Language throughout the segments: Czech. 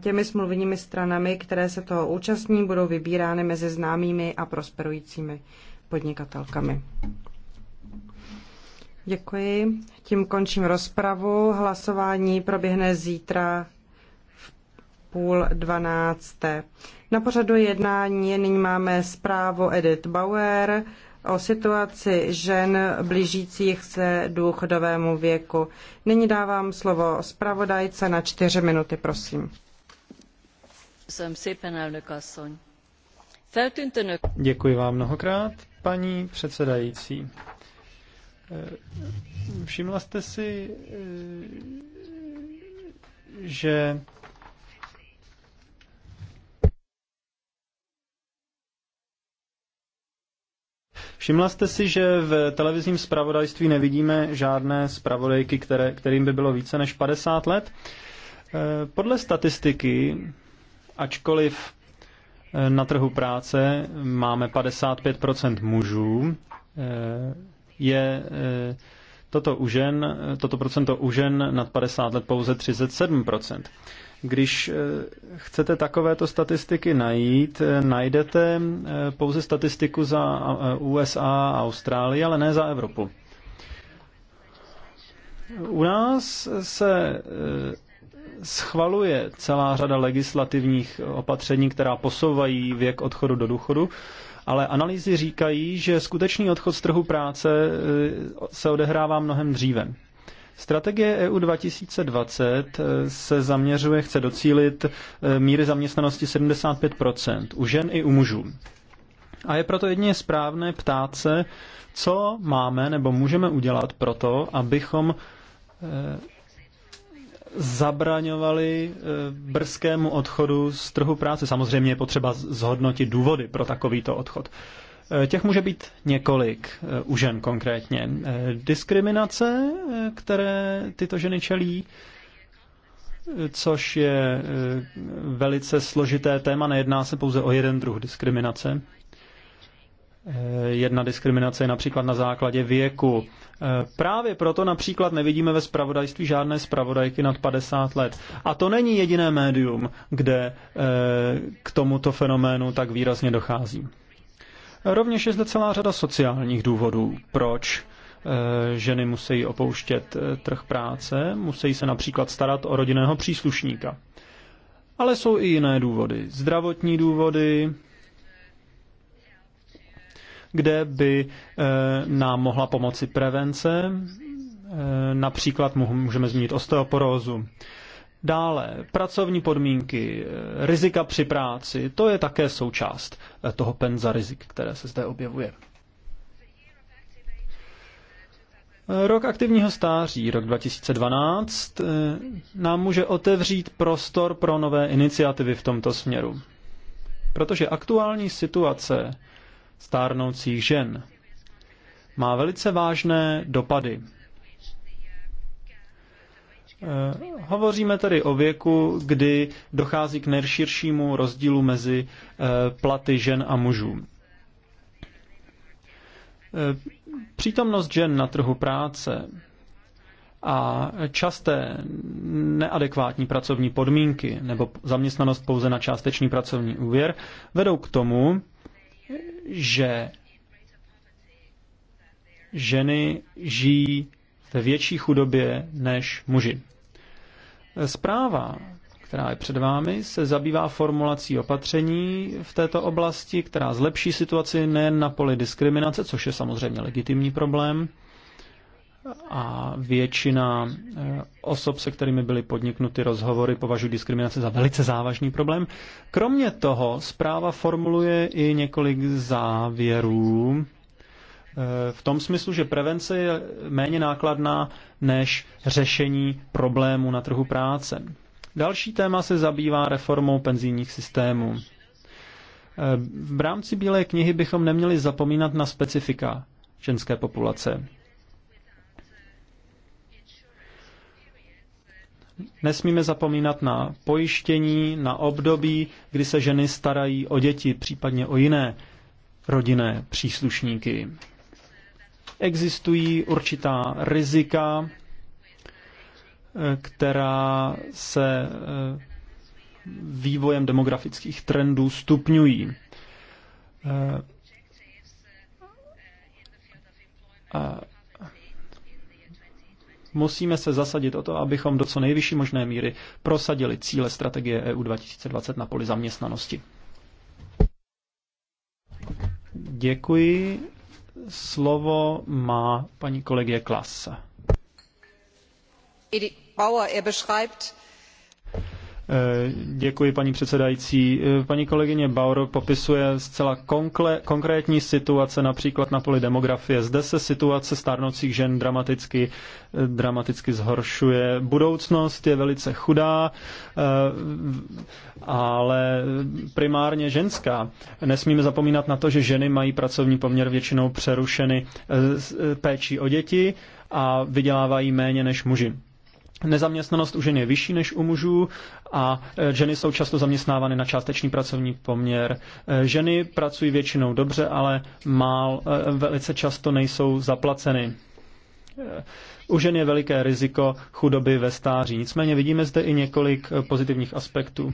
Těmi smluvními stranami, které se toho účastní, budou vybírány mezi známými a prosperujícími podnikatelkami. Děkuji. Tím končím rozpravu. Hlasování proběhne zítra v půl dvanácté. Na pořadu jednání nyní máme zprávu Edith Bauer o situaci žen blížících se důchodovému věku. Nyní dávám slovo zpravodajce na čtyři minuty, prosím. Děkuji vám mnohokrát, paní předsedající. Eh, všimla jste si, eh, že Všimla jste si, že v televizním zpravodajství nevidíme žádné zpravodajky, které, kterým by bylo více než 50 let? Eh, podle statistiky Ačkoliv eh, na trhu práce máme 55% mužů, eh, je eh, toto, u žen, toto procento u žen nad 50 let pouze 37%. Když chcete takovéto statistiky najít, najdete pouze statistiku za USA a Austrálii, ale ne za Evropu. U nás se schvaluje celá řada legislativních opatření, která posouvají věk odchodu do důchodu, ale analýzy říkají, že skutečný odchod z trhu práce e, se odehrává mnohem dříve. Strategie EU 2020 e, se zaměřuje, chce docílit e, míry zaměstnanosti 75 u žen i u mužů. A je proto jedině správné ptát se, co máme nebo můžeme udělat proto, abychom zabraňovaly e, brzkému odchodu z trhu práce. Samozřejmě je potřeba zhodnotit důvody pro takovýto odchod. E, těch může být několik e, u žen konkrétně. Diskriminace, které tyto ženy čelí, což je velice složité téma, nejedná se pouze o jeden druh diskriminace. Eh, jedna diskriminace je například na základě věku. Eh, právě proto například nevidíme ve spravodajství žádné spravodajky nad 50 let. A to není jediné médium, kde eh, k tomuto fenoménu tak výrazně dochází. Rovněž je zde celá řada sociálních důvodů, proč ženy musí opouštět trh práce, musí se například starat o rodinného příslušníka. Ale jsou i jiné důvody. Zdravotní důvody, kde by eh, nám mohla pomoci prevence, eh, například můžeme zmínit osteoporózu. Dále, pracovní podmínky, eh, rizika při práci, to je také součást toho penza rizik, které se zde objevuje. Rok aktivního stáří, rok 2012, nám může otevřít prostor pro nové iniciativy v tomto směru. Protože aktuální situace stárnoucích žen. Má velice vážné dopady. Eh, hovoříme tedy o věku, kdy dochází k nejširšímu rozdílu mezi eh, platy žen a mužů. Eh, přítomnost žen na trhu práce a časté neadekvátní pracovní podmínky nebo zaměstnanost pouze na částečný pracovní úvěr vedou k tomu, že ženy žijí ve větší chudobě než muži. Zpráva, která je před vámi, se zabývá formulací opatření v této oblasti, která zlepší situaci nejen na poli diskriminace, což je samozřejmě legitimní problém, a většina eh, osob, se kterými byly podniknuty rozhovory, považují diskriminaci za velice závažný problém. Kromě toho zpráva formuluje i několik závěrů eh, v tom smyslu, že prevence je méně nákladná než řešení problému na trhu práce. Další téma se zabývá reformou penzijních systémů. Eh, v rámci Bílé knihy bychom neměli zapomínat na specifika ženské populace. Nesmíme zapomínat na pojištění, na období, kdy se ženy starají o děti, případně o jiné rodinné příslušníky. Existují určitá rizika, eh, která se eh, vývojem demografických trendů stupňují. Eh, a Musíme se zasadit o to, abychom do co nejvyšší možné míry prosadili cíle strategie EU 2020 na poli zaměstnanosti. Děkuji. Slovo má paní kolegie Klasa. Bauer, er beschreibt Eh, děkuji, paní předsedající. Eh, paní kolegyně Bauer popisuje zcela konkle, konkrétní situace, například na poli demografie. Zde se situace stárnoucích žen dramaticky, eh, dramaticky zhoršuje. Budoucnost je velice chudá, ale primárně ženská. Nesmíme zapomínat na to, že ženy mají pracovní poměr většinou přerušeny péčí o děti a vydělávají méně než muži. Nezaměstnanost u žen je vyšší než u mužů a e, ženy jsou často zaměstnávány na částečný pracovní poměr. E, ženy pracují většinou dobře, ale mál, e, velice často nejsou zaplaceny. U žen je veliké riziko chudoby ve stáří. Nicméně vidíme zde i několik pozitivních aspektů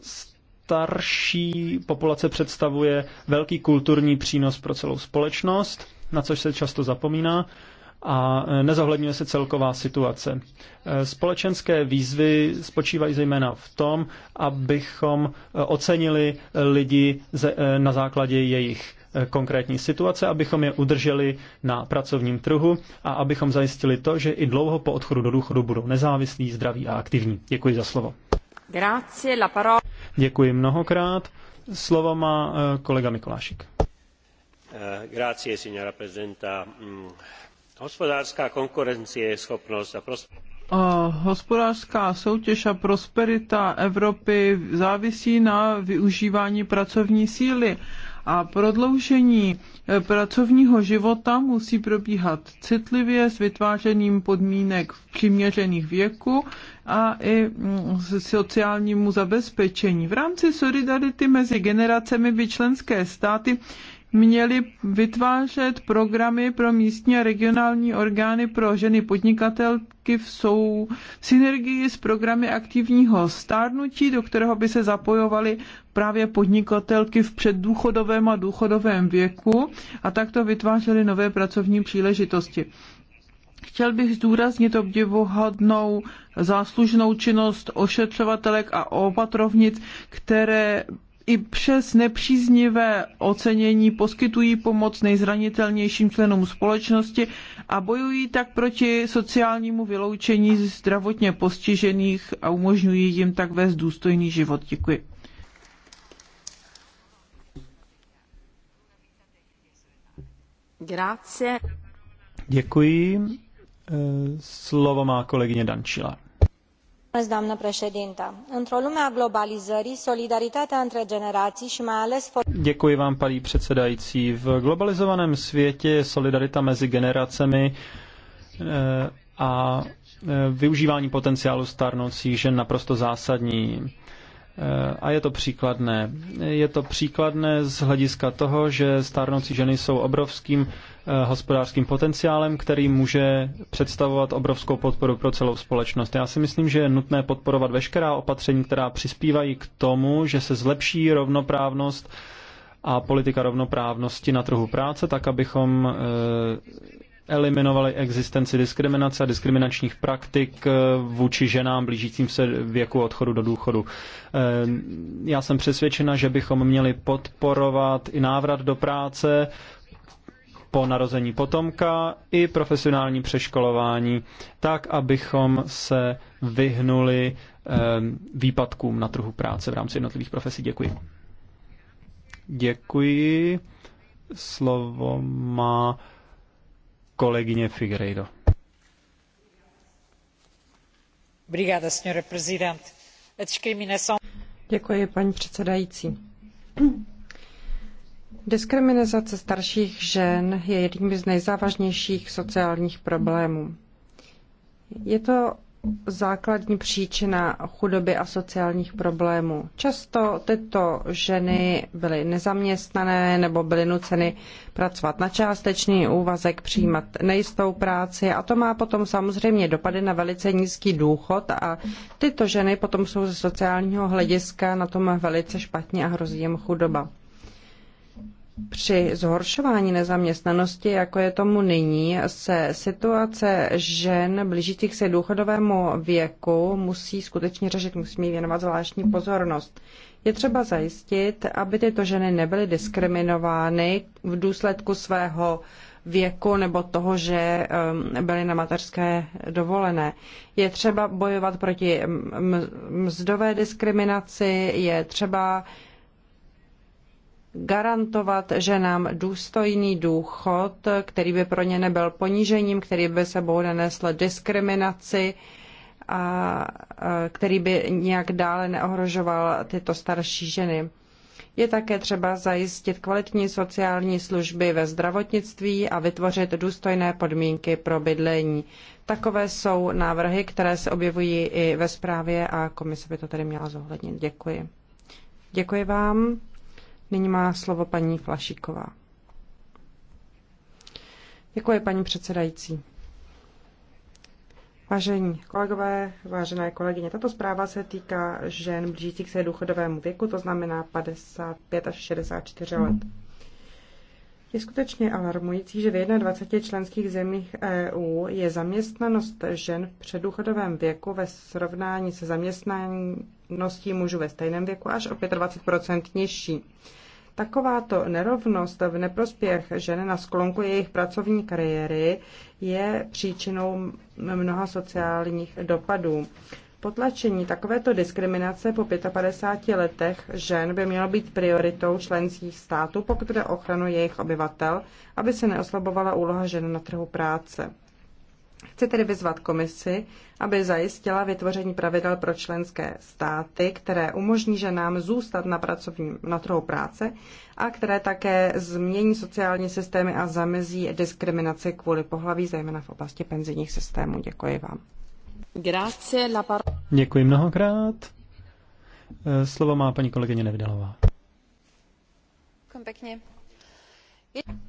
starší populace představuje velký kulturní přínos pro celou společnost, na což se často zapomíná a e, nezohledňuje se celková situace. E, společenské výzvy spočívají zejména v tom, abychom e, ocenili lidi na základě jejich konkrétní situace, abychom je udrželi na pracovním trhu a abychom zajistili to, že i dlouho po odchodu do důchodu budou nezávislí, zdraví a aktivní. Děkuji za slovo. Grazie, la parola. Děkuji mnohokrát. Slovo má kolega Mikulášik. Eh, grazie, signora prezidenta. Mm, Hospodářská konkurenceschopnost a prosperita soutěž a prosperita Evropy závisí na využívání pracovní síly a prodloužení eh, pracovního života musí probíhat citlivě s vytvářením podmínek v přiměřených věku a i mm, sociálnímu zabezpečení. V rámci solidarity mezi generacemi by členské státy měli vytvářet programy pro místní a regionální orgány pro ženy podnikatelky v sou synergii s programy aktivního stárnutí, do kterého by se zapojovaly právě podnikatelky v předdůchodovém a důchodovém věku a takto vytvářely nové pracovní příležitosti. Chtěl bych zdůraznit obdivuhodnou záslužnou činnost ošetřovatelek a opatrovnic, které i přes nepříznivé ocenění poskytují pomoc nejzranitelnějším členům společnosti a bojují tak proti sociálnímu vyloučení zdravotně postižených a umožňují jim tak vést důstojný život. Děkuji. Grazie. Děkuji. E, slovo má kolegyně Dančila într o lume a globalizării solidaritatea între mai ales Děkuji vám, paní předsedající. V globalizovaném světě je solidarita mezi generacemi eh, a eh, využívání potenciálu stárnoucích žen naprosto zásadní. Eh, a je to příkladné. Je to příkladné z hlediska toho, že stárnoucí ženy jsou obrovským Eh, hospodářským potenciálem, který může představovat obrovskou podporu pro celou společnost. Já si myslím, že je nutné podporovat veškerá opatření, která přispívají k tomu, že se zlepší rovnoprávnost a politika rovnoprávnosti na trhu práce, tak abychom eh, eliminovali existenci diskriminace a diskriminačních praktik eh, vůči ženám blížícím se věku odchodu do důchodu. Já jsem přesvědčena, že bychom měli podporovat i návrat do práce, po narození potomka i profesionální přeškolování, tak abychom se vyhnuli ehm, výpadkům na trhu práce v rámci jednotlivých profesí. Děkuji. Děkuji. Slovo má kolegyně Figueiredo. Děkuji, paní předsedající Diskriminace starších žen je jedním z nejzávažnějších sociálních problémů. Je to základní příčina chudoby a sociálních problémů. Často tyto ženy byly nezaměstnané nebo byly nuceny pracovat na částečný úvazek, přijímat nejistou práci a to má potom samozřejmě dopady na velice nízký důchod a tyto ženy potom jsou ze sociálního hlediska na tom velice špatně a hrozí jim chudoba. Při zhoršování nezaměstnanosti, jako je tomu nyní, se situace žen blížících se důchodovému věku musí skutečně řešit, musí věnovat zvláštní pozornost. Je třeba zajistit, aby tyto ženy nebyly diskriminovány v důsledku svého věku nebo toho, že um, byly na mateřské dovolené. Je třeba bojovat proti mzdové diskriminaci, je třeba garantovat ženám důstojný důchod, který by pro ně nebyl ponížením, který by sebou nenesl diskriminaci a který by nějak dále neohrožoval tyto starší ženy. Je také třeba zajistit kvalitní sociální služby ve zdravotnictví a vytvořit důstojné podmínky pro bydlení. Takové jsou návrhy, které se objevují i ve zprávě a komise by to tedy měla zohlednit. Děkuji. Děkuji vám. Nyní má slovo paní Flašíková. Děkuji, paní předsedající. Vážení kolegové, vážené kolegyně, tato zpráva se týká žen blížících se důchodovému věku, to znamená 55 až 64 let. Je skutečně alarmující, že v 21 členských zemích EU je zaměstnanost žen v předůchodovém věku ve srovnání se zaměstnaností mužů ve stejném věku až o 25 nižší. Takováto nerovnost v neprospěch žen na sklonku jejich pracovní kariéry je příčinou mnoha sociálních dopadů. Potlačení takovéto diskriminace po 55 letech žen by mělo být prioritou členských států, pokud jde o ochranu jejich obyvatel, aby se neoslabovala úloha žen na trhu práce. Chci tedy vyzvat komisi, aby zajistila vytvoření pravidel pro členské státy, které umožní ženám zůstat na, pracovním, na trhu práce a které také změní sociální systémy a zamezí diskriminaci kvůli pohlaví, zejména v oblasti penzijních systémů. Děkuji vám. Děkuji mnohokrát. E, slovo má paní kolegyně Nevidalová. Pěkně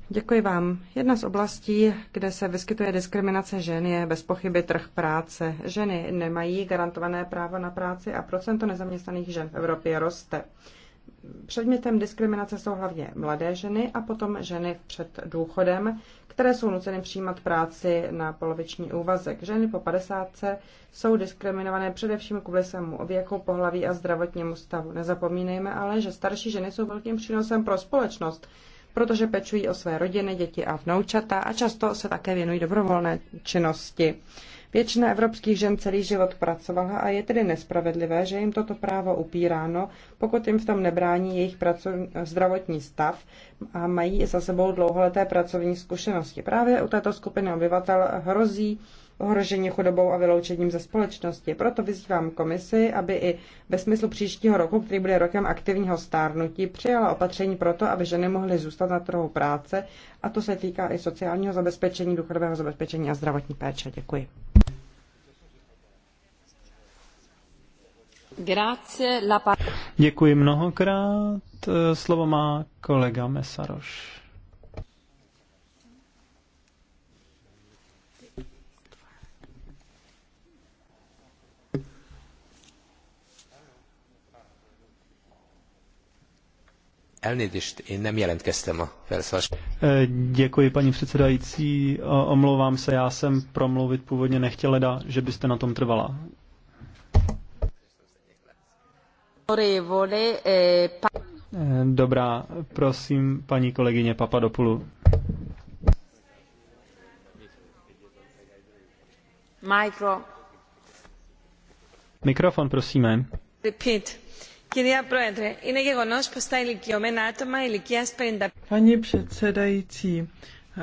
Děkuji vám. Jedna z oblastí, kde se vyskytuje diskriminace žen, je bez pochyby trh práce. Ženy nemají garantované právo na práci a procento nezaměstnaných žen v Evropě roste. Předmětem diskriminace jsou hlavně mladé ženy a potom ženy před důchodem, které jsou nuceny přijímat práci na poloviční úvazek. Ženy po 50 jsou diskriminované především kvůli svému věku, pohlaví a zdravotnímu stavu. Nezapomínejme ale, že starší ženy jsou velkým přínosem pro společnost protože pečují o své rodiny, děti a vnoučata a často se také věnují dobrovolné činnosti. Většina evropských žen celý život pracovala a je tedy nespravedlivé, že jim toto právo upíráno, pokud jim v tom nebrání jejich pracovní, zdravotní stav a mají za sebou dlouholeté pracovní zkušenosti. Právě u této skupiny obyvatel hrozí ohrožení chudobou a vyloučením ze společnosti. Proto vyzývám komisi, aby i ve smyslu příštího roku, který bude rokem aktivního stárnutí, přijala opatření pro to, aby ženy mohly zůstat na trhu práce a to se týká i sociálního zabezpečení, důchodového zabezpečení a zdravotní péče. Děkuji. Děkuji mnohokrát. Slovo má kolega Mesaroš. Elnézést, én nem jelentkeztem a eh, Děkuji, paní předsedající. Eh, omlouvám se, já jsem promluvit původně leda, že byste na tom trvala. Eh, dobrá, prosím, paní kolegyně Papadopoulou. Mikro. Mikrofon, prosíme. Repeat. Paní předsedající, eh,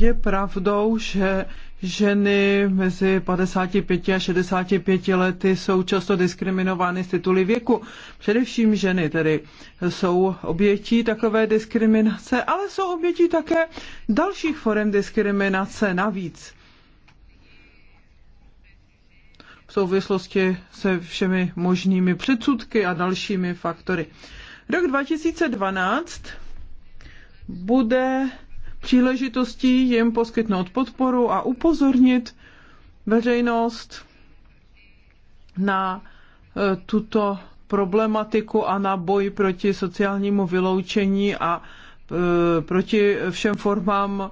je pravdou, že ženy mezi 55 a 65 lety jsou často diskriminovány z tituly věku. Především ženy tedy jsou obětí takové diskriminace, ale jsou obětí také dalších forem diskriminace navíc. v souvislosti se všemi možnými předsudky a dalšími faktory. Rok 2012 bude příležitostí jim poskytnout podporu a upozornit veřejnost na e, tuto problematiku a na boj proti sociálnímu vyloučení a e, proti všem formám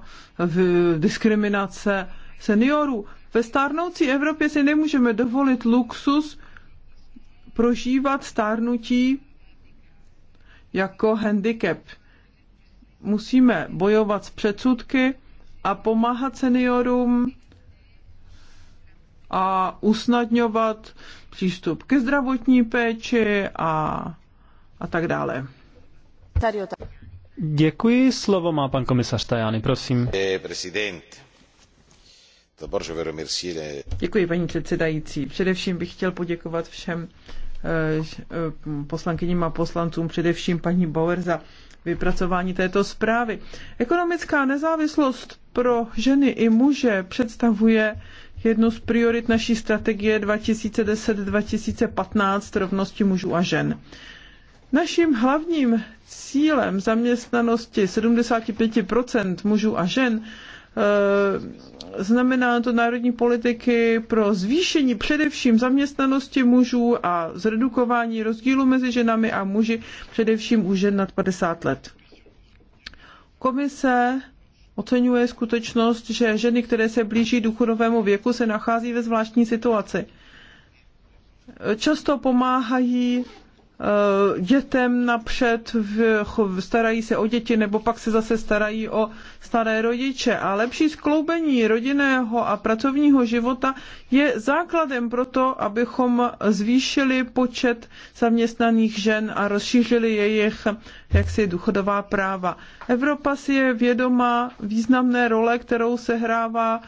diskriminace seniorů. Ve stárnoucí Evropě si nemůžeme dovolit luxus prožívat stárnutí jako handicap. Musíme bojovat s předsudky a pomáhat seniorům a usnadňovat přístup ke zdravotní péči a, a tak dále. Děkuji, slovo má pan komisař Tajany, prosím. Eh, Prezident. Děkuji, paní předsedající. Především bych chtěl poděkovat všem eh, eh, poslankyním a poslancům, především paní Bauer za vypracování této zprávy. Ekonomická nezávislost pro ženy i muže představuje jednu z priorit naší strategie 2010-2015 rovnosti mužů a žen. Naším hlavním cílem zaměstnanosti 75 mužů a žen Eh, znamená to národní politiky pro zvýšení především zaměstnanosti mužů a zredukování rozdílu mezi ženami a muži, především u žen nad 50 let. Komise oceňuje skutečnost, že ženy, které se blíží důchodovému věku, se nachází ve zvláštní situaci. Často pomáhají Eh, dětem napřed, starají se o děti, nebo pak se zase starají o staré rodiče. A lepší skloubení rodinného a pracovního života je základem pro to, abychom zvýšili počet zaměstnaných žen a rozšířili jejich jaksi důchodová práva. Evropa si je vědoma významné role, kterou se hrává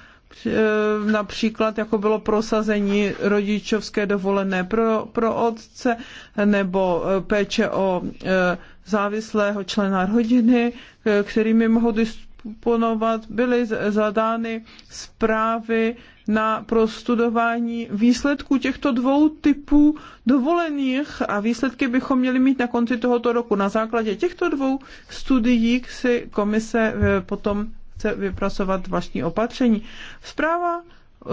E, například jako bylo prosazení rodičovské dovolené pro, pro otce nebo e, péče o e, závislého člena rodiny, kterými mohou disponovat, byly zadány zprávy na prostudování výsledků těchto dvou typů dovolených a výsledky bychom měli mít na konci tohoto roku. Na základě těchto dvou studií si komise potom chce vypracovat vlastní opatření. Zpráva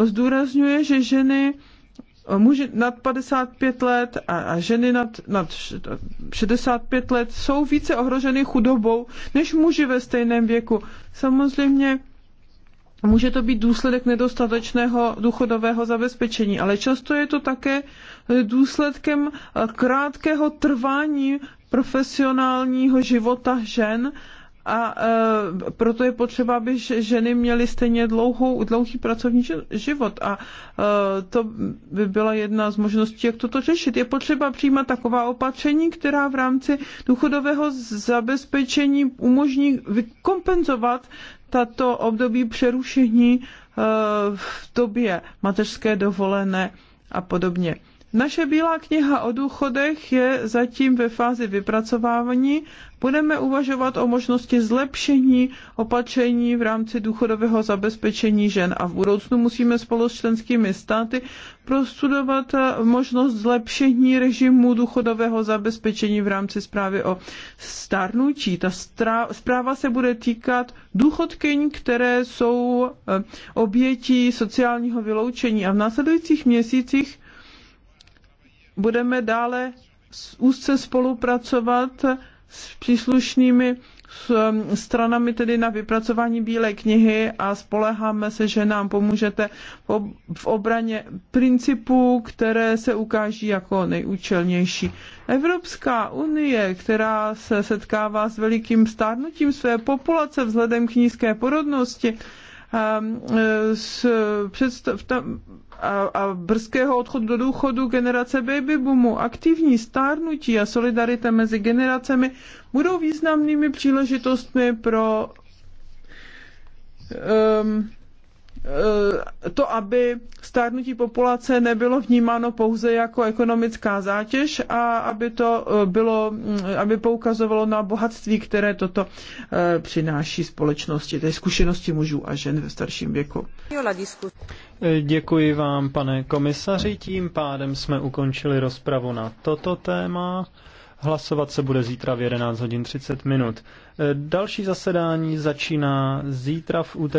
zdůrazňuje, že ženy muži nad 55 let a, a ženy nad, nad 65 let jsou více ohroženy chudobou než muži ve stejném věku. Samozřejmě Může to být důsledek nedostatečného důchodového zabezpečení, ale často je to také důsledkem krátkého trvání profesionálního života žen a e, proto je potřeba, aby ženy měly stejně dlouhou, dlouhý pracovní život a e, to by byla jedna z možností, jak toto řešit. Je potřeba přijímat taková opatření, která v rámci důchodového zabezpečení umožní vykompenzovat tato období přerušení e, v době mateřské dovolené a podobně. Naše bílá kniha o důchodech je zatím ve fázi vypracovávání. Budeme uvažovat o možnosti zlepšení opatření v rámci důchodového zabezpečení žen a v budoucnu musíme spolu s členskými státy prostudovat možnost zlepšení režimu důchodového zabezpečení v rámci zprávy o starnutí. Ta zpráva se bude týkat důchodkyň, které jsou eh, obětí sociálního vyloučení a v následujících měsících budeme dále úzce spolupracovat s příslušnými um, stranami tedy na vypracování Bílé knihy a spoleháme se, že nám pomůžete v obraně principů, které se ukáží jako nejúčelnější. Evropská unie, která se setkává s velikým stárnutím své populace vzhledem k nízké porodnosti, um, s představ, tam, a brzkého odchodu do důchodu generace baby boomu, aktivní stárnutí a solidarita mezi generacemi budou významnými příležitostmi pro um, Eh, to, aby stárnutí populace nebylo vnímáno pouze jako ekonomická zátěž a aby to eh, bylo, mm, aby poukazovalo na bohatství, které toto eh, přináší společnosti, tedy zkušenosti mužů a žen ve starším věku. Děkuji vám, pane komisaři. Tím pádem jsme ukončili rozpravu na toto téma. Hlasovat se bude zítra v 11 hodin 30 minut. Další zasedání začíná zítra v úterý.